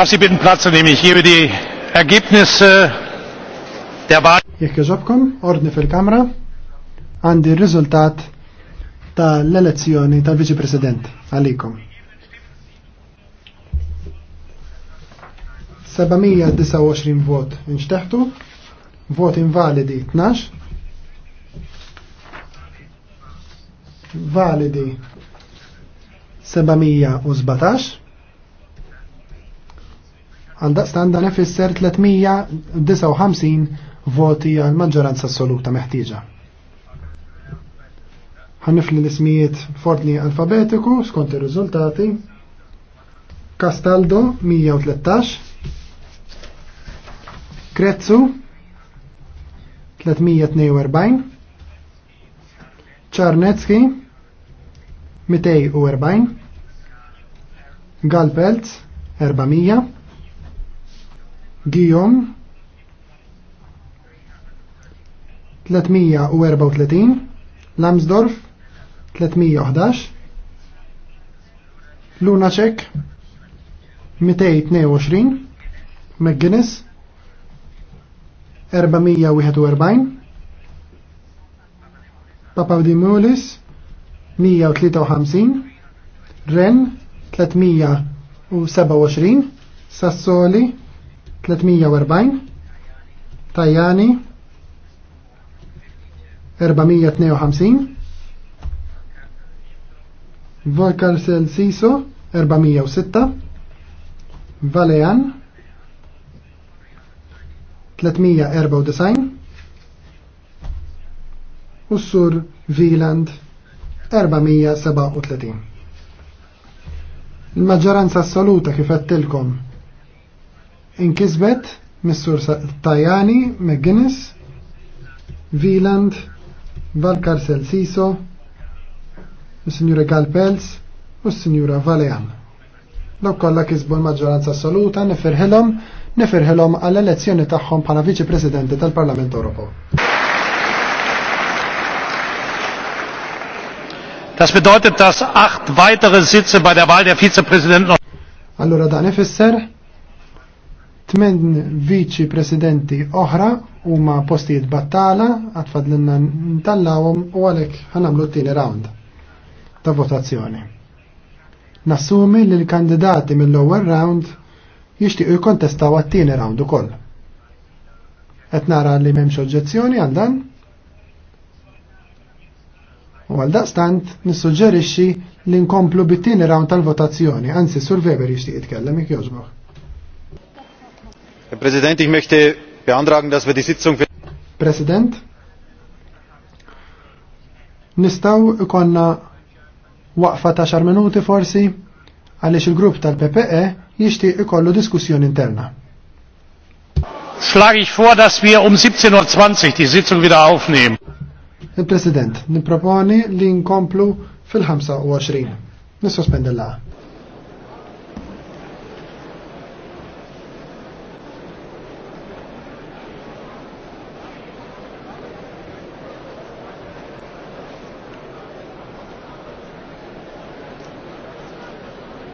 Darf Sie bitten Platz nehmen? Ich gebe die Ergebnisse der Wahl. Jekk iġobkom, ordni fil-kamra, għandi r-riżultat tal-elezzjoni tal-Viċi President għalikom. 729 vot inxteħtu, vot invalidi 12, validi 717, Għandaqstan standa nefisser 359 voti għal maġġoranza assoluta meħtieġa. Ħanifli l-ismijiet fortni alfabetiku skont ir-riżultati. Castaldo 113 Krezzu 342 Czarnecki 240 Galpelz 400 Gijom 334 Lamsdorf 311 Lunacek 222 McGuinness 441 Papadimoulis 153 Ren 327 Sassoli 340 Tajani 452 Volkar Siso 406 Valean 394 Ussur Sur Viland 437 Il-maġġoranza assoluta kif għattilkom inkisbet Mr. Tajani, McGuinness, Wieland, Valcarcel Siso, Signora Galpels u Signora Valean. Dok kollha kisbu l-maġġoranza assoluta nifirħilhom nifirħilhom għall-elezzjoni tagħhom bħala Viċi Presidenti tal-Parlament Ewropew. Das bedeutet, dass acht weitere Sitze bei der Wahl der Vizepräsidenten Allora dan ifisser Tmen viċi presidenti oħra huma postijiet battala għatfadlinna ntallawhom u għalhekk ħanamlu t-tieni round ta' votazzjoni. Nassumi li l-kandidati mill-ewwel round jixtiequ jkontestaw għat-tieni round ukoll. Qed nara li m'hemmx oġġezzjoni għandan U għal daqstant nissuġġerixxi li nkomplu bit-tieni round tal-votazzjoni, anzi Sur Weber jixtieq jitkellem jekk jogħġbok. Herr Präsident, ich möchte beantragen, dass wir die Sitzung... für Präsident, nistaw ikonna waqfa ta' xar minuti forsi għaliex il-grupp tal-PPE jixtieq ikollu diskussjoni interna. Schlage ich vor, dass wir um 17.20 die Sitzung wieder aufnehmen. Il-President, niproponi li nkomplu fil-25. Nissospendella.